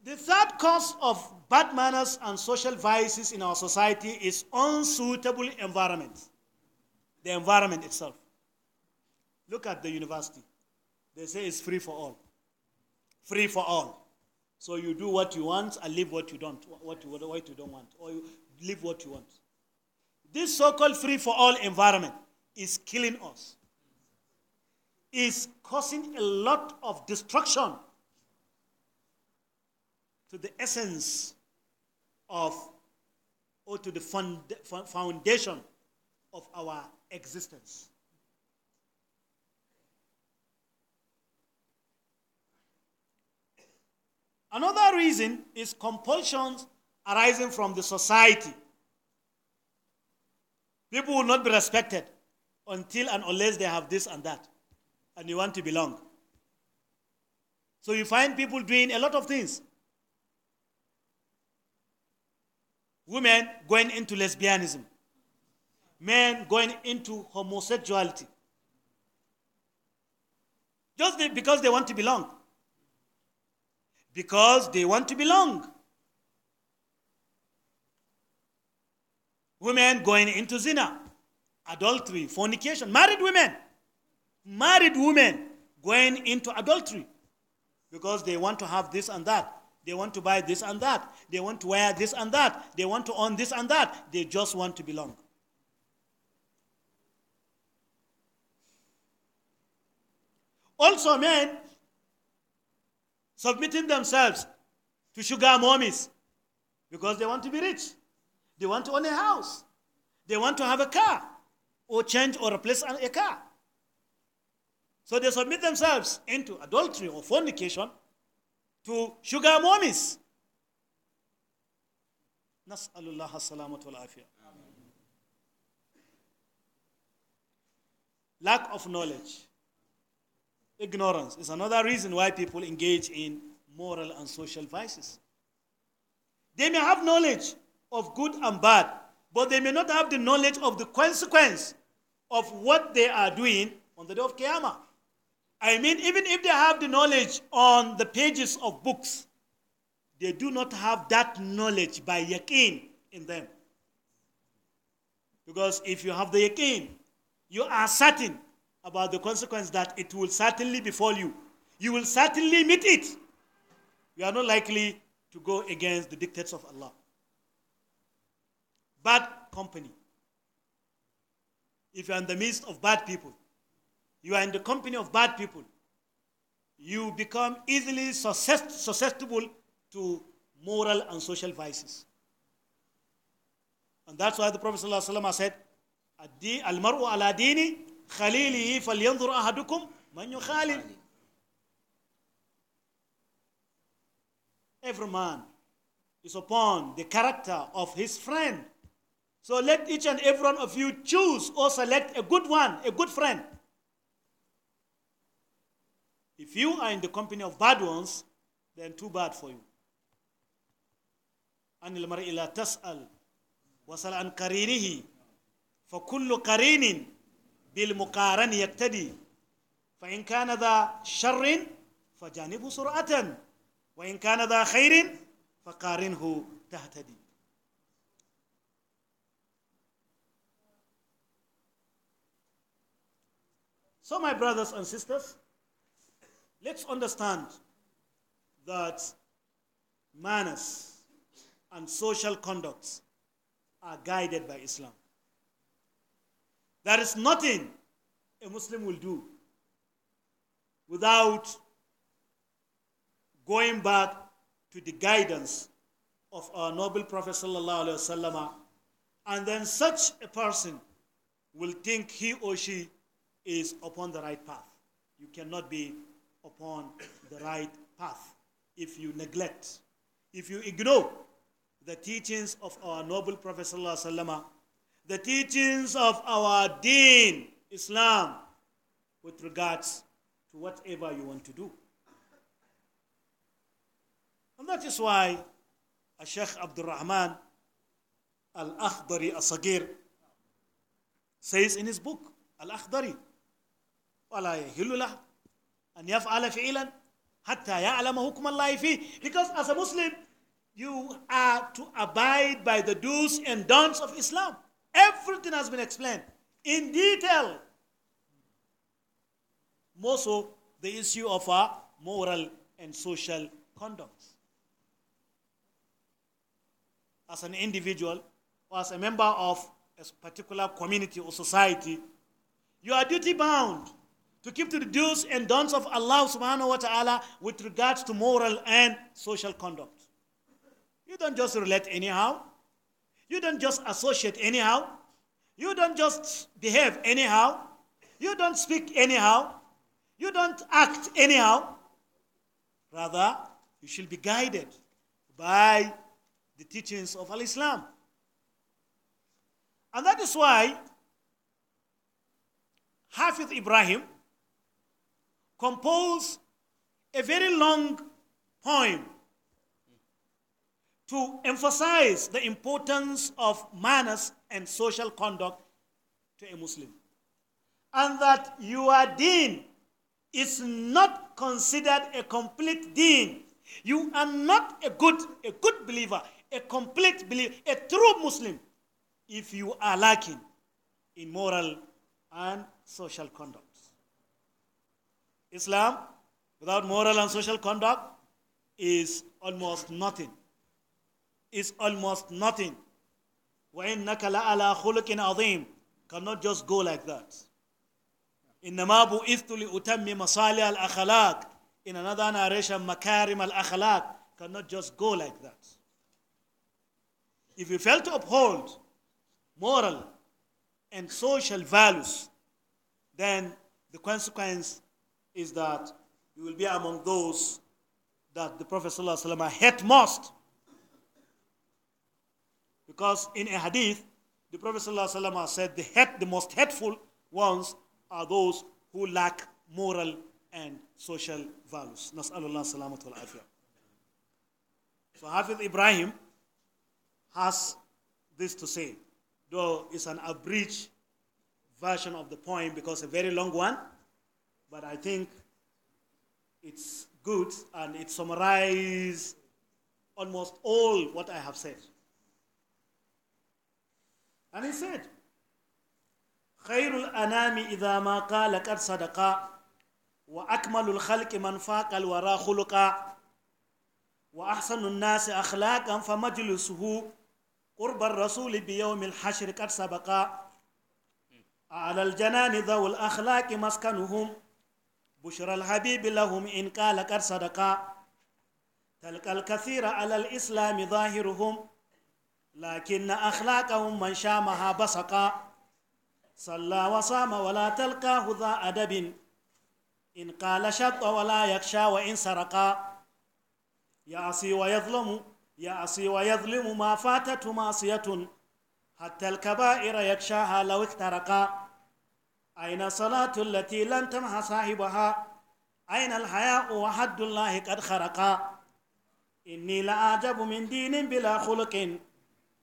The third cause of Bad manners and social vices in our society is unsuitable environment. The environment itself. Look at the university. They say it's free for all. Free for all. So you do what you want and leave what you don't, what you, what you don't want, or you leave what you want. This so-called free for all environment is killing us. Is causing a lot of destruction to the essence of or to the fund, foundation of our existence. Another reason is compulsions arising from the society. People will not be respected until and unless they have this and that, and you want to belong. So you find people doing a lot of things women going into lesbianism, men going into homosexuality. Just because they want to belong. Because they want to belong. Women going into zina, adultery, fornication. Married women, married women going into adultery because they want to have this and that they want to buy this and that. They want to wear this and that. They want to own this and that. They just want to belong. Also, men submitting themselves to sugar mommies because they want to be rich. They want to own a house. They want to have a car or change or replace a car. So they submit themselves into adultery or fornication to sugar mummies. نسأل الله السلامة والعافية. Lack of knowledge, ignorance is another reason why people engage in moral and social vices. They may have knowledge of good and bad, but they may not have the knowledge of the consequence of what they are doing on the day of Qiyamah. I mean, even if they have the knowledge on the pages of books, they do not have that knowledge by yaqeen in them. Because if you have the yaqeen, you are certain about the consequence that it will certainly befall you. You will certainly meet it. You are not likely to go against the dictates of Allah. Bad company. If you are in the midst of bad people, you are in the company of bad people, you become easily susceptible to moral and social vices. And that's why the Prophet ﷺ said, Al-mar'u ala dini khalilihi falyanzur ahadukum man yukhalil. Every man is upon the character of his friend. So let each and every one of you choose or select a good one, a good friend. If you are in the company of bad ones, then too bad for you. أن المرء لا تسأل وسأل عن قرينه فكل قرين بالمقارن يقتدي فإن كان ذا شر فجانبه سرعة وإن كان ذا خير فقارنه تهتدي So my brothers and sisters, Let's understand that manners and social conducts are guided by Islam. There is nothing a Muslim will do without going back to the guidance of our noble Prophet wasallam, and then such a person will think he or she is upon the right path. You cannot be upon the right path if you neglect, if you ignore the teachings of our noble Prophet ﷺ, the teachings of our deen, Islam, with regards to whatever you want to do. And that is why Sheikh Abdul Rahman Al-Akhdari al sagir says in his book, Al-Akhdari, وَلَا يَهِلُّ and yaf'ala fi'lan hatta ya'lama hukm Allah because as a Muslim you are to abide by the do's and don'ts of Islam everything has been explained in detail more so the issue of our moral and social conduct as an individual or as a member of a particular community or society you are duty bound to keep to the do's and don'ts of Allah subhanahu wa ta'ala with regards to moral and social conduct. You don't just relate anyhow. You don't just associate anyhow. You don't just behave anyhow. You don't speak anyhow. You don't act anyhow. Rather, you should be guided by the teachings of Al Islam. And that is why Hafiz Ibrahim compose a very long poem to emphasize the importance of manners and social conduct to a Muslim. And that your deen is not considered a complete deen. You are not a good, a good believer, a complete believer, a true Muslim if you are lacking in moral and social conduct. Islam without moral and social conduct is almost nothing. Is almost nothing. وَإِنَّكَ لَعَلَىٰ خُلُقٍ عَظِيمٍ Cannot just go like that. إِنَّمَا بُئِثْتُ لِأُتَمِّ مَصَالِحَ الْأَخْلَاقِ In another narration, مَكَارِمَ الْأَخْلَاقِ Cannot just go like that. If you fail to uphold moral and social values, then the consequence is that you will be among those that the Prophet ﷺ hate most. Because in a hadith, the Prophet ﷺ said the, hate, the most hateful ones are those who lack moral and social values. Nas'alullah salamat wal So Hafiz Ibrahim has this to say, though it's an abridged version of the poem because a very long one but I think it's good and it summarizes almost all what I have said. And he said, خير الأنام إذا ما قال قد صدقا وأكمل الخلق من فاق الورى خلقا وأحسن الناس أخلاقا فمجلسه قرب الرسول بيوم الحشر قد سبقا على الجنان ذو الأخلاق مسكنهم بشرى الحبيب لهم إن قال قد صدقا تلقى الكثير على الإسلام ظاهرهم لكن أخلاقهم من شامها بسقا صلى وصام ولا تلقاه ذا أدب إن قال شط ولا يخشى وإن سرقا يعصي ويظلم يعصي ويظلم ما فاتت معصية حتى الكبائر يكشاها لو اخترقا أين صلاة التي لن تمح صاحبها أين الحياء وحد الله قد خرقا إني لأعجب من دين بلا خلق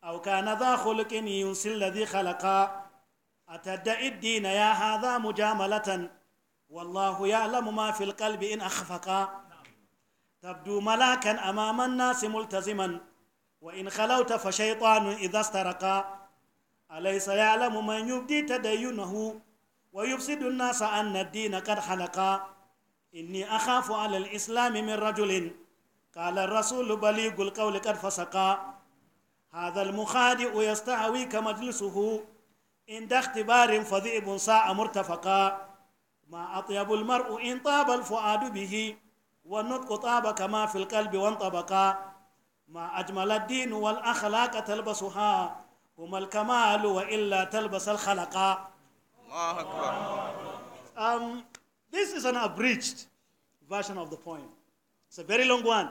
أو كان ذا خلق ينسي الذي خلقا أتدعي الدين يا هذا مجاملة والله يعلم ما في القلب إن أخفقا تبدو ملاكا أمام الناس ملتزما وإن خلوت فشيطان إذا استرقا أليس يعلم من يبدي تدينه ويفسد الناس أن الدين قد حلقا إني أخاف على الإسلام من رجل قال الرسول بليغ القول قد فسقا هذا المخادئ يستعويك مجلسه عند اختبار فذئب ساء مرتفقا ما أطيب المرء إن طاب الفؤاد به والنطق طاب كما في القلب وانطبقا ما أجمل الدين والأخلاق تلبسها هما الكمال وإلا تلبس الخلقا Um, this is an abridged version of the poem. It's a very long one,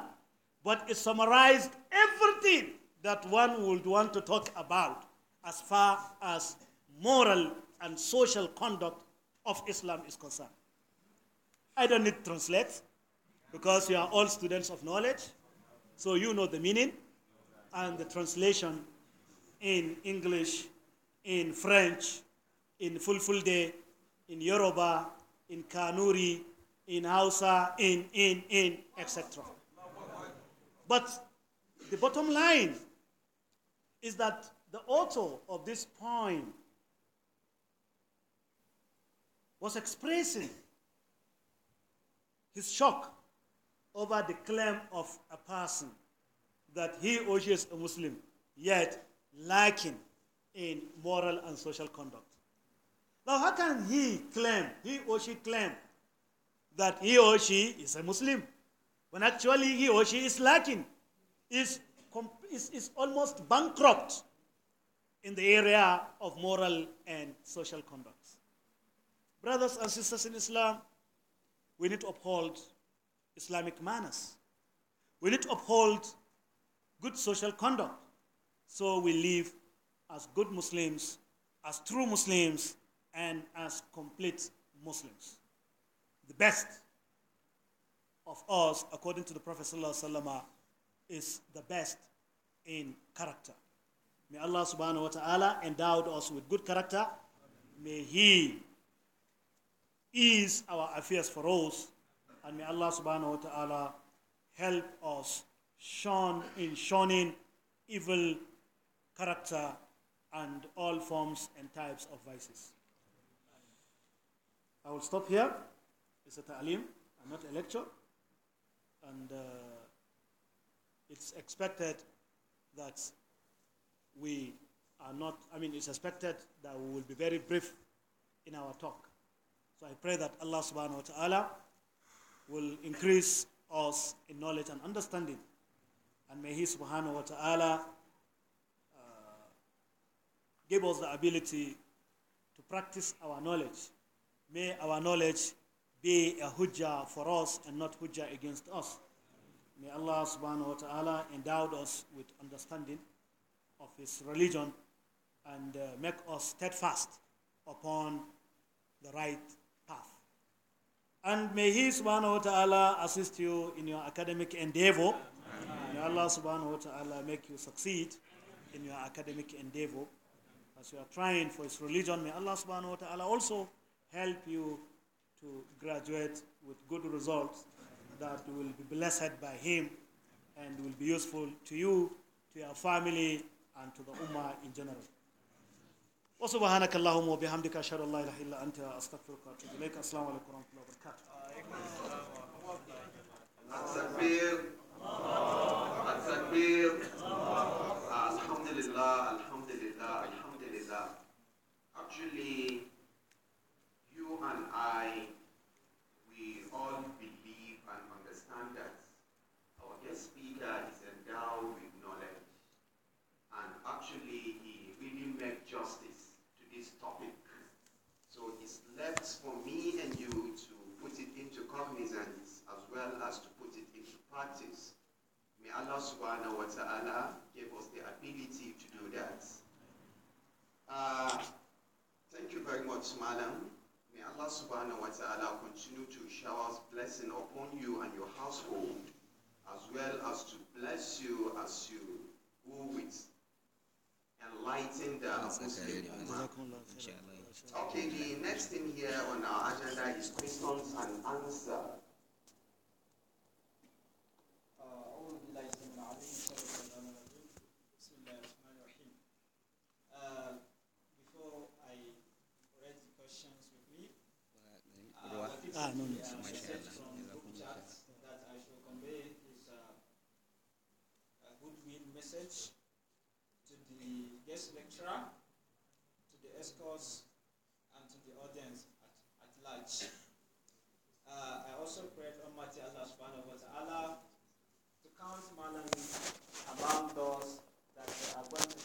but it summarized everything that one would want to talk about as far as moral and social conduct of Islam is concerned. I don't need to translate because you are all students of knowledge, so you know the meaning and the translation in English, in French, in Fulfulde, in Yoruba, in Kanuri, in Hausa, in, in, in, etc. But the bottom line is that the author of this poem was expressing his shock over the claim of a person that he or she is a Muslim, yet lacking in moral and social conduct. Now, how can he claim, he or she claim, that he or she is a Muslim when actually he or she is lacking, is, is, is almost bankrupt in the area of moral and social conduct? Brothers and sisters in Islam, we need to uphold Islamic manners. We need to uphold good social conduct so we live as good Muslims, as true Muslims and as complete Muslims. The best of us, according to the Prophet ﷺ, is the best in character. May Allah subhanahu wa ta'ala endow us with good character. May He ease our affairs for us. And may Allah subhanahu wa ta'ala help us shun in shunning evil character and all forms and types of vices. I will stop here. It's a ta'lim and not a lecture. And uh, it's expected that we are not, I mean, it's expected that we will be very brief in our talk. So I pray that Allah subhanahu wa ta'ala will increase us in knowledge and understanding. And may He subhanahu wa ta'ala uh, give us the ability to practice our knowledge May our knowledge be a hujjah for us and not hujjah against us. May Allah subhanahu wa ta'ala endow us with understanding of His religion and uh, make us steadfast upon the right path. And may He subhanahu wa ta'ala assist you in your academic endeavor. Amen. May Allah subhanahu wa ta'ala make you succeed in your academic endeavor. As you are trying for His religion, may Allah subhanahu wa ta'ala also help you to graduate with good results that will be blessed by him and will be useful to you, to your family, and to the Ummah in general. وسبحانك اللهم وبحمدك أشهد أن لا إله إلا أنت أستغفرك وأتوب إليك السلام عليكم ورحمة الله وبركاته. التكبير التكبير الحمد لله الحمد لله الحمد لله. Actually, and I, we all believe and understand that our guest speaker is endowed with knowledge. And actually, he really made justice to this topic. So it's left for me and you to put it into cognizance as well as to put it into practice. May Allah subhanahu wa ta'ala give us the ability to do that. Uh, thank you very much, madam. May Allah subhanahu wa ta'ala continue to shower blessing upon you and your household, as well as to bless you as you go with enlighten the Muslim Okay, the next thing here on our agenda is questions and answers. lecturer, to the escorts, and to the audience at, at large. Uh, I also pray to Almighty Allah subhanahu wa ta'ala to count Malami among those that are going to